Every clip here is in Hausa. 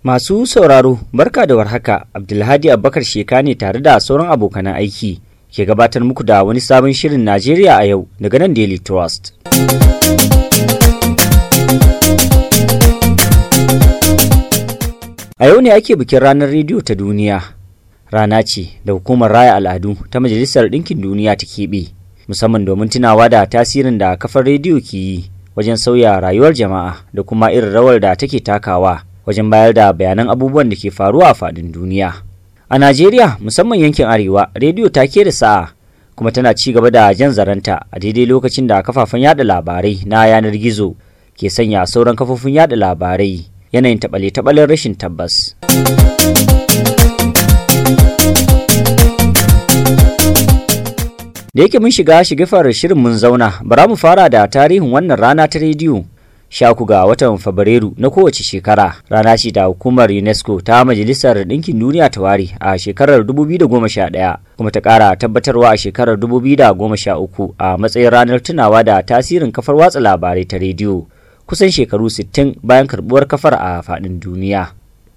Masu sauraro, barka da warhaka, Abdulhadi Abubakar Sheka ne tare da sauran abokan aiki. ke gabatar muku da wani sabon shirin Najeriya a yau daga nan Daily Trust. A yau ne ake bikin ranar rediyo ta duniya. Rana ce da hukumar raya al'adu ta Majalisar Ɗinkin Duniya ta keɓe, musamman domin tunawa da tasirin da kafar rediyo ke yi wajen sauya rayuwar jama'a da kuma irin rawar da take takawa wajen bayar da bayanan abubuwan da ke faruwa a faɗin duniya. A Najeriya musamman yankin Arewa rediyo ta ke da sa'a kuma tana ci gaba da jan zaranta a daidai lokacin da kafafen yada labarai na yanar gizo ke sanya sauran kafofin yada labarai yanayin taɓale-taɓalen rashin tabbas. Da yake mun shiga shigifar shirin mun zauna, bara mu fara da tarihin wannan rana ta rediyo shaku ga watan Fabrairu na kowace shekara rana ce da hukumar UNESCO ta Majalisar Ɗinkin Duniya ta ware a shekarar 2011 kuma ta ƙara tabbatarwa a shekarar 2013 a matsayin ranar tunawa da tasirin kafar watsa labarai ta rediyo kusan shekaru 60 bayan karbuwar kafar a faɗin duniya.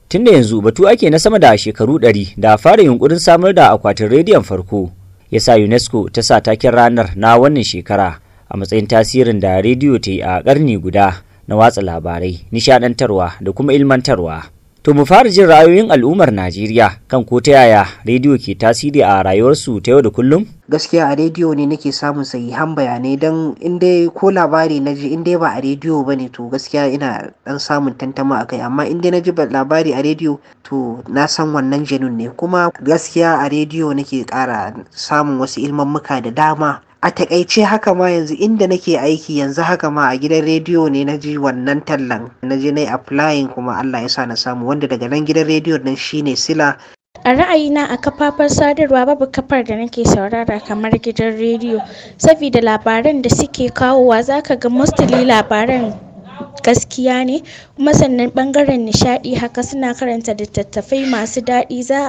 Tunda yanzu batu ake na sama da shekaru 100 da fara yunkurin samar da akwatin rediyon farko. ya sa UNESCO ta sa taken ranar na wannan shekara a matsayin tasirin da rediyo ta yi a ƙarni guda na watsa labarai nishadantarwa da kuma ilmantarwa to mu fara jin ra'ayoyin al'ummar najeriya kan ko ta yaya rediyo ke tasiri a rayuwarsu ta yau da kullum gaskiya a rediyo ne nake samun sahihan bayanai don in dai ko labari na ji in ba a rediyo ba ne to gaskiya ina dan samun tantama akai amma in dai na ji labari a rediyo to na san wannan janun ne kuma gaskiya a rediyo nake kara samun wasu ilmammuka da dama a takaice haka ma yanzu inda nake aiki yanzu haka ma a gidan rediyo ne na ji wannan tallan na je na yi applying kuma Allah ya sa na samu wanda daga nan gidan rediyo nan shine sila a ra'ayina a kafafen sadarwa babu kafar da nake saurara kamar gidan rediyo saboda labaran da suke kawowa za ka ga mostly labaran gaskiya ne kuma sannan bangaren nishadi haka suna karanta littattafai masu daɗi za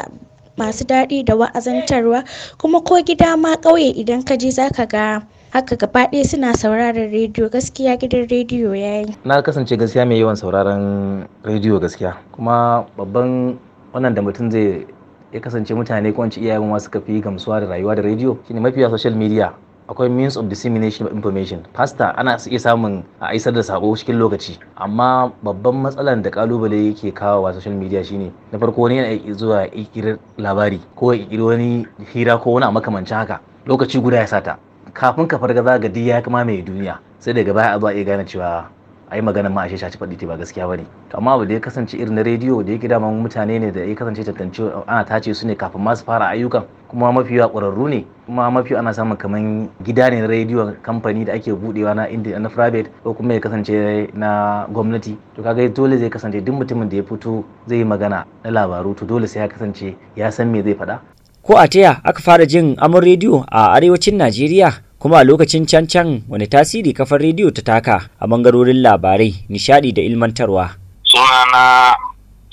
masu daɗi da wa'azantarwa kuma ko gida ma ƙauye idan ka je ka ga haka gaba ɗaya suna sauraron rediyo gaskiya gidan rediyo ya yi na kasance gaskiya mai yawan sauraron rediyo gaskiya kuma babban wannan da mutum zai ya kasance mutane ko iyayen ma kafi gamsuwa da rayuwa da rediyo shine mafiya social media akwai means of dissemination of information fasta ana iya samun a isar da sako cikin lokaci amma babban matsalan da kalubale yake kawo wa social media shine na farko wani yana zuwa ikirar labari ko ya ikiri wani hira ko wani a makamancin haka lokaci guda ya sata kafin ka farga za ga ya kama mai duniya sai daga baya a zuwa iya gane cewa a yi magana ma a shi shaci faɗi ba gaskiya ba to amma abu da ya kasance irin na rediyo da ya gida ma mutane ne da ya kasance tantance ana tace su ne kafin masu fara ayyukan kuma mafi yawa ƙwararru ne kuma mafi ana samun kamar gida ne na rediyo kamfani da ake budewa na indi na private ko kuma ya kasance na gwamnati to kaga dole zai kasance duk mutumin da ya fito zai yi magana na labaru to dole sai ya kasance ya san me zai faɗa ko a taya aka fara jin amon rediyo a arewacin najeriya kuma a lokacin can can wani tasiri kafar rediyo ta taka a bangarorin labarai nishadi da ilmantarwa sunana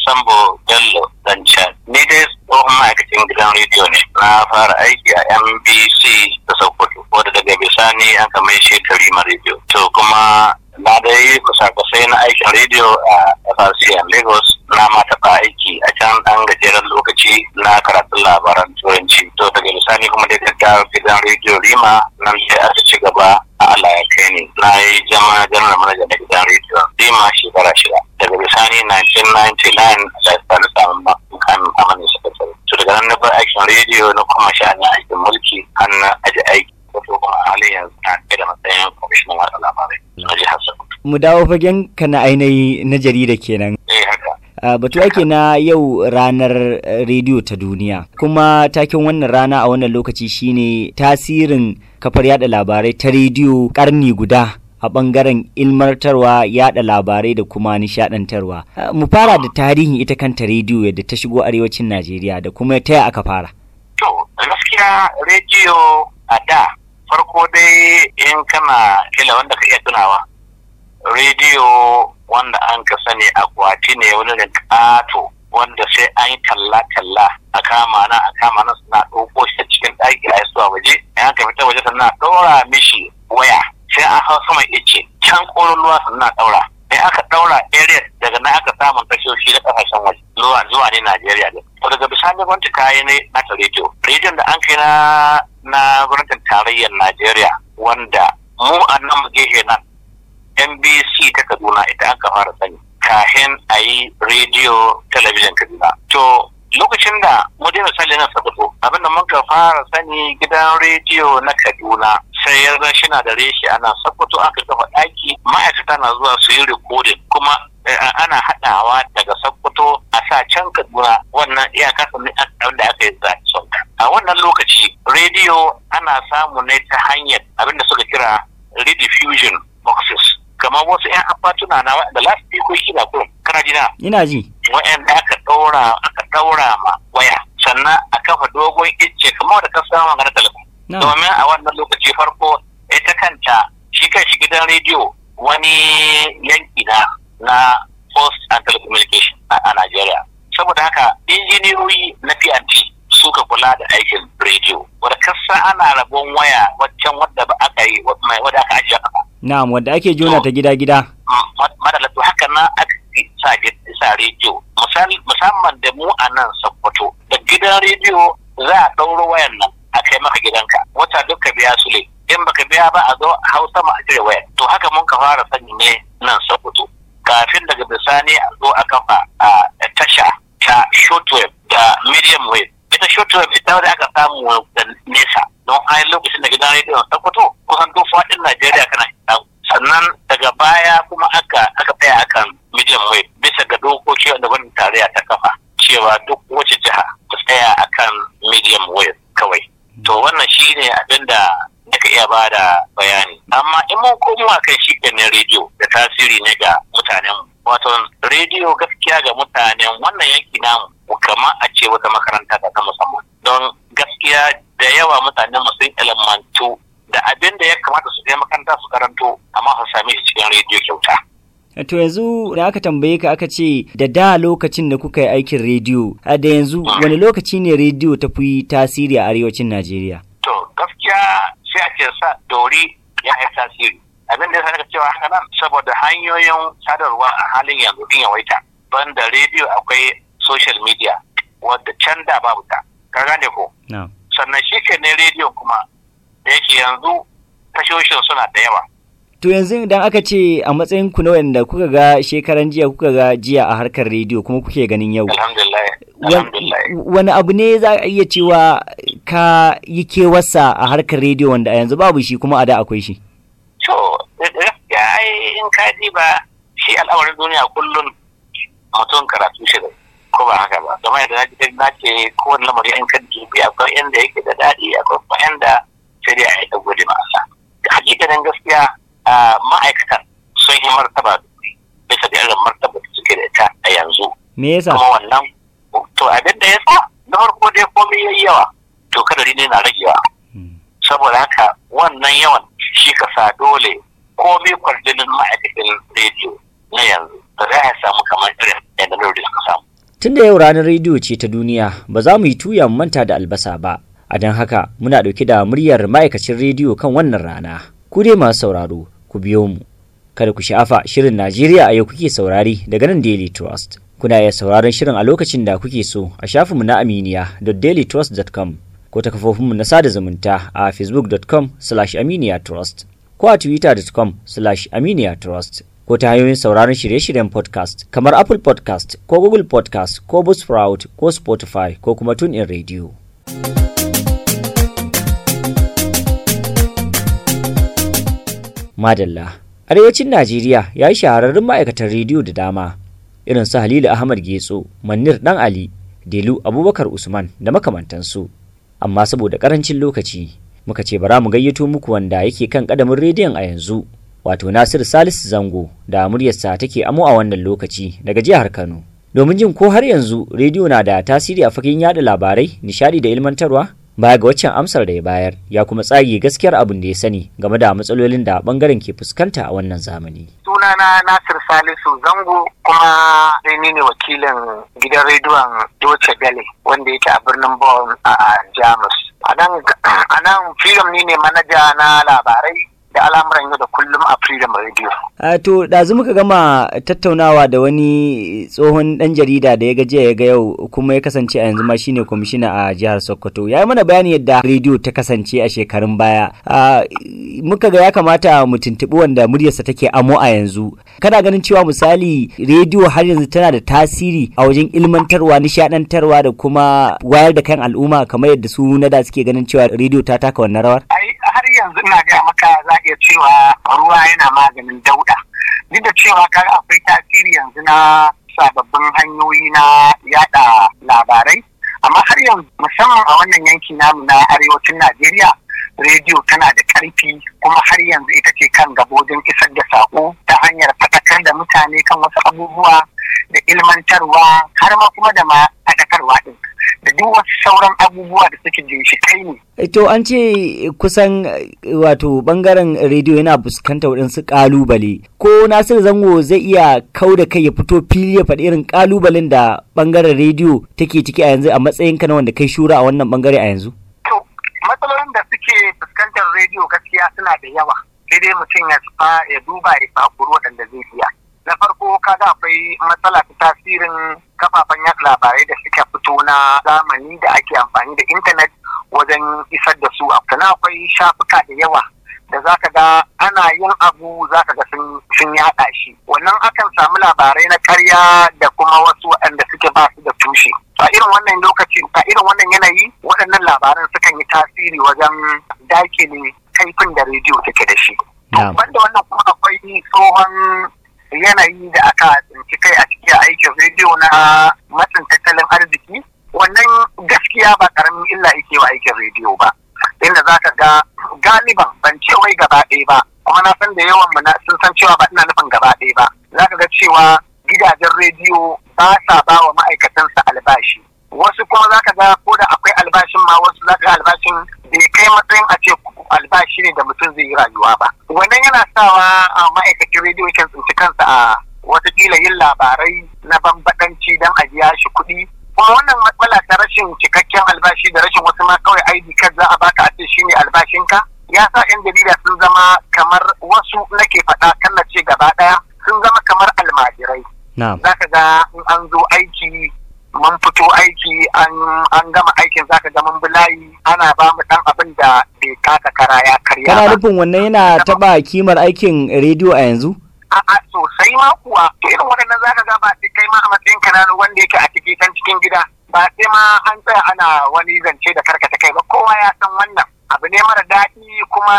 sambo bello dan ni dai tsohon ma'aikacin gidan rediyo ne na fara aiki a mbc da sokoto wadda daga bisani an kama shekaru ma rediyo to kuma na dai kusa na aikin rediyo a FRCN Lagos na matafa aiki a can ɗan gajeren lokaci na karatun labaran turanci. To daga misali kuma da ta gidan rediyo Rima nan sai a ci gaba a Allah ya kai ni. Na yi jama janar manajan na gidan rediyo Rima shekara shida. Daga misali 1999 a na samun makan amanin sakatare. To daga nan na bar aikin rediyo na mu dawo fagen ka na ainihi na jarida kenan Uh, batu ake na yau ranar eh, rediyo ta duniya kuma taken wannan rana a wannan lokaci shine tasirin kafar yada labarai ta rediyo karni guda a bangaren ilmartarwa yada labarai da kuma nishadantarwa uh, mu fara da tarihin ita kanta rediyo yadda ta shigo arewacin najeriya da kuma ta aka fara to gaskiya rediyo a da farko dai in kana kila wanda ka iya tunawa rediyo wanda an ka sani akwati ne wani da wanda sai an yi talla-talla a kama na a kama na suna ɗauko shi cikin ɗaki a yasuwa waje ya aka fita waje sannan ɗora mishi waya sai an hau saman ice can ruwa sannan ɗaura sai aka ɗaura area daga na aka samun kashoshi na ƙasashen waje zuwa zuwa ne Najeriya ne. To daga bisani gwamnati yi ne na ta rediyo. Rediyon da an kai na na gwamnatin tarayyar Najeriya wanda mu a nan mu gehe nan NBC ta Kaduna ita aka fara sani kafin a yi rediyo talabijin Kaduna. To lokacin da mu misali sani na sabato abinda muka fara sani gidan rediyo na Kaduna sai ya shi da reshe, ana sabato aka kafa ɗaki ma'aikata na zuwa su yi rikodin kuma eh, ana haɗawa daga sabato a sa can Kaduna wannan iyaka da aka yi zaɓi A wannan lokaci rediyo ana samu ne ta hanyar abinda suka kira rediffusion kama wasu 'yan abatuna na da last week na kurum kana ji ina ji wa'anda aka ɗaura aka ɗaura ma waya sannan a kafa dogon icce kamar da ka samu magana talabijin domin a wannan lokaci farko ita kanta shi kan shi gidan rediyo wani yanki na na post and telecommunication a Najeriya saboda haka injiniyoyi na PNT suka kula da aikin rediyo wadda kasa ana rabon waya Na'am wanda ake jona ta gida-gida. Madalla haka na aka sa rediyo. Musamman da mu a nan Sokoto da gidan rediyo za a ɗauro wayan nan a kai maka gidanka. Wata duk ka biya su le. In baka biya ba a zo hau sama a cire wayan. To haka mun ka fara sani ne nan Sokoto. Kafin daga bisani a zo a kafa a tasha ta shortwave da medium wave. Ita shortwave ita wadda aka samu da nesa. Don a lokacin da gidan rediyon Sokoto kusan duk faɗin Najeriya cewa duk wace jiha ta tsaya a kan medium wave kawai to wannan shi ne abin da naka iya ba da bayani amma in mun koma kan shi ganin rediyo da tasiri ne ga mutanen wato rediyo gaskiya ga mutanen wannan yanki namu kama a ce wata makaranta ta ta musamman don gaskiya da yawa mutanen sun ilmantu da abin da ya kamata su je makaranta su karanto amma su sami shi cikin rediyo kyauta To yanzu da aka tambaye ka aka ce da da lokacin da kuka yi aikin rediyo, da yanzu wani lokaci ne rediyo ta fi tasiri a arewacin Najeriya? To gaskiya sai a ce sa dori ya yi tasiri. Abin da ya sanar cewa haka nan saboda hanyoyin sadarwa a halin yanzu din yawaita. Ban da rediyo akwai social media wadda can da babu ta. Ka gane ko? Sannan shi ke ne rediyo kuma da yake yanzu tashoshin suna da yawa. To yanzu idan aka ce a matsayin ku na wanda kuka ga shekaran jiya kuka ga jiya a harkar rediyo kuma kuke ganin yau. Wani abu ne za a iya cewa ka yi kewarsa a harkar rediyo wanda a yanzu babu shi kuma a da akwai shi. To, gaskiya yi in ka ji ba shi al'amarin duniya kullum mutum karatu shi ko ba haka ba. Zama yadda na ji na ce kowane lamari in ka bi akwai inda yake da daɗi akwai inda sai dai a yi ɗago da ma'asa. Hakikanin gaskiya ma'aikatan sun yi martaba bisa da irin martaba da suke da ita a yanzu. Me yasa? Kuma wannan to abin da yasa na farko dai komai yi yawa to ni ne na ragewa. Hmm. Saboda haka wannan yawan shi ka sa dole komai kwardinin ma'aikatan rediyo na yanzu ba za a samu kamar irin yadda na rediyo suka samu. Tun da yau ranar rediyo ce ta duniya ba za mu yi tuya mu manta da albasa ba. A don haka muna ɗauke da muryar ma'aikacin rediyo kan wannan rana. Ku dai masu sauraro, ku biyo mu. Kada ku sha'afa shirin Najeriya a yau kuke saurari daga nan Daily Trust. Kuna iya sauraron shirin a lokacin da kuke so a shafinmu na Aminiya aminiya.dailytrust.com ko ta kafofinmu na sada zumunta a facebook.com slash aminiya trust ko a twitter.com slash aminiya trust ko ta hanyoyin sauraron shirye-shiryen podcast kamar Apple podcast ko Google podcast ko Buzzsprout ko Spotify ko kuma TuneIn Radio. Madalla. Arewacin Najeriya ya yi shahararrun ma'aikatan rediyo da dama, irin su Halilu Ahmad Getso, Manir Dan Ali, Delu Abubakar Usman da makamantansu. Amma saboda ƙarancin lokaci, muka ce bara mu gayyato muku wanda yake kan ƙadamin rediyon a yanzu, wato Nasiru Salisu Zango da muryarsa take amo a wannan lokaci daga jihar Kano. Domin jin ko har yanzu rediyo na da tasiri a fagen yada labarai, nishadi da ilmantarwa, Baya ga waccan amsar da ya bayar, ya kuma tsage gaskiyar abin da ya sani game da matsalolin da bangaren ke fuskanta a wannan zamani. Sunana Nasir Salisu Zango kuma ni ne wakilin gidan rediyon Doce Bele wanda yake a birnin Bon a Jamus. A nan filam ni ne manaja na labarai da al'amuran yau da kullum a Freedom Radio. A to ɗazu muka gama tattaunawa da wani tsohon ɗan jarida da ya ga ya ga yau kuma ya kasance a yanzu ma shine kwamishina a jihar Sokoto. Ya yi mana bayani yadda rediyo ta kasance a shekarun baya. muka ga ya kamata mu tuntuɓi wanda muryarsa take amo a yanzu. Kana ganin cewa misali rediyo har yanzu tana da tasiri a wajen ilmantarwa, nishaɗantarwa da kuma wayar da kan al'umma kamar yadda su na da suke ganin cewa rediyo ta taka wannan rawar? har yanzu ina gaya maka za iya cewa ruwa yana maganin dauda duk da cewa kar akwai tasiri yanzu na sababbin hanyoyi na yada labarai amma har yanzu musamman a wannan yankin namu na arewacin najeriya rediyo tana da karfi kuma har yanzu ita ce kan gaba wajen isar da sako ta hanyar fatakar da mutane kan wasu abubuwa da ilmantarwa har ma kuma da ma fatakarwa din da duk wasu sauran abubuwa da suke kai ne. Eh, to an ce kusan eh, wato bangaren rediyo yana fuskanta waɗansu kalubale Ko Nasir Zango zai iya kau da kai ya fito fili ya faɗi irin ƙalubalen da bangaren rediyo take ciki a yanzu a matsayin ka na wanda kai shura a wannan bangare a yanzu? makarantar rediyo gaskiya suna da yawa sai dai mutum ya ya duba ya waɗanda zai biya na farko kaga akwai matsala ta tasirin kafafen yaɗa labarai da suka fito na zamani da ake amfani da intanet wajen isar da su na akwai shafuka da yawa da zaka ga ana yin abu zaka ga sun yaɗa shi wannan akan samu labarai na karya da kuma wasu waɗanda suke ba su da tushe a irin wannan lokaci a irin wannan yanayi waɗannan labaran sukan yi tasiri wajen dakile kaifin da rediyo take da shi. Banda wannan kuma akwai tsohon yanayi da aka tsinci kai a cikin aikin rediyo na matsin tattalin arziki wannan gaskiya ba karamin illa yake wa aikin rediyo ba inda za ka ga galiban ban ce wai gaba ɗaya ba kuma na san da yawan na sun san cewa ba ina nufin gaba ɗaya ba za ka ga cewa gidajen rediyo ba sa ba wa ma'aikatansa albashi wasu kuma za ka ga ko da akwai albashin ma wasu za ka ga albashin bai kai matsayin a ce albashi ne da mutum zai yi rayuwa ba wannan yana sawa a ah, ma'aikacin rediyo kan tsinci kansa a watakila yin labarai na bambadanci don a biya shi kuɗi kuma wannan matsala ta rashin cikakken albashi da rashin wasu ma kawai ID card za a baka a ce shi shine albashinka ya sa 'yan jarida sun zama kamar wasu nake faɗa kan na kallace gaba ɗaya sun zama kamar almajirai za ka ga in an zo aiki mun fito aiki an gama aikin zaka ga mun bulayi ana ba mu dan abin da bai kaka kara ya karya kana nufin wannan yana taba kimar aikin rediyo a yanzu a'a sosai ma kuwa to irin waɗannan zaka ga ba kai ma a matsayin kananu wanda yake a ciki kan cikin gida ba sai ma an tsaya ana wani zance da karkata kai ba kowa ya san wannan abu ne mara daɗi kuma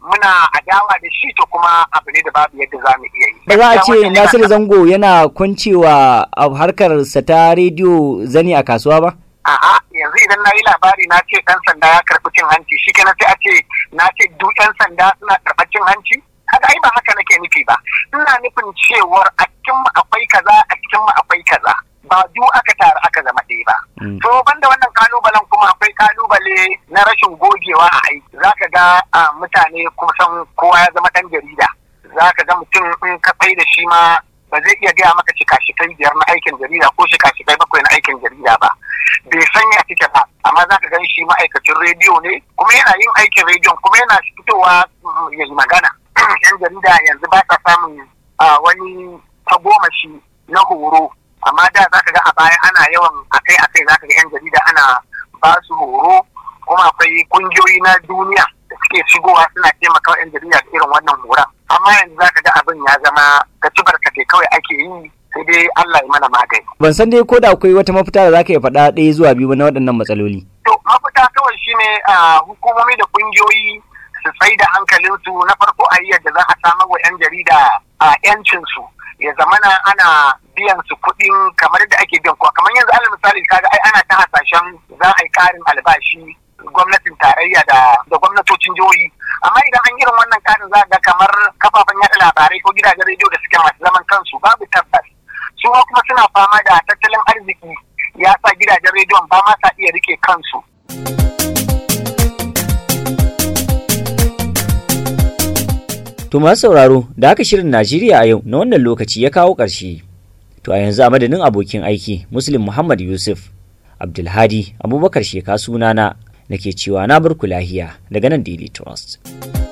muna adawa da shi to kuma abu ne da babu yadda za mu iya ba za a ce Nasir Zango yana kuncewa a harkar sa ta rediyo zani a kasuwa ba? A'a yanzu idan na yi labari na ce ɗan sanda ya karɓi cin hanci shi kenan sai a ce na ce duk ɗan sanda suna karɓar cin hanci? Haka ai ba haka nake nufi ba. Ina nufin cewar a cikin akwai kaza a cikin mu akwai kaza. ba du aka taru aka zama ɗaya ba. Mm. To banda wannan kalubalen kuma akwai kalubale na rashin gogewa a aiki. Za ga ah, mutane kusan kowa ya zama ɗan jarida. Za ka ga mutum ka tsaye da shi ma ba zai iya gaya maka shika-shikai biyar na aikin jarida ko shika-shikai bakwai na aikin jarida ba bai sanya kike ba amma za ka gan shi ma'aikacin rediyo ne kuma yana yin aikin rediyon kuma yana fitowa mm, ya yi magana yan jarida yanzu ba sa samun wani tagomashi na horo amma da za ka ga a baya ana yawan akai-akai za ka ga yan jarida ana ba su horo kuma akwai kungiyoyi na duniya da suke shigowa suna taimaka yan jarida da irin wannan hora amma yanzu zaka ga abin ya zama ka ci ke kawai ake yi sai dai Allah ya mana magani ban san dai ko da akwai wata mafita da zaka iya faɗa ɗaya zuwa biyu na waɗannan matsaloli to mafita kawai shine hukumomi da ƙungiyoyi su tsai da hankalinsu na farko a yi yadda za a samar wa 'yan jarida a 'yancinsu ya zamana ana biyan su kuɗin kamar da ake biyan kuwa kamar yanzu alal misali kaga ai ana ta hasashen za a yi ƙarin albashi gwamnatin tarayya da gwamnatocin jihohi amma idan an irin Kada za ga kamar kafafen yaɗa labarai ko gidajen rediyo da suke masu zaman kansu babu tabbas su kuma suna fama da tattalin arziki ya sa gidajen rediyon ba ma sa iya rike kansu. To masu sauraro da aka shirin Najeriya a yau na wannan lokaci ya kawo ƙarshe. To a yanzu a madadin abokin aiki Muslim Muhammad Yusuf Abdulhadi Abubakar Sheka sunana nake cewa na bar ku lahiya daga nan Daily Trust.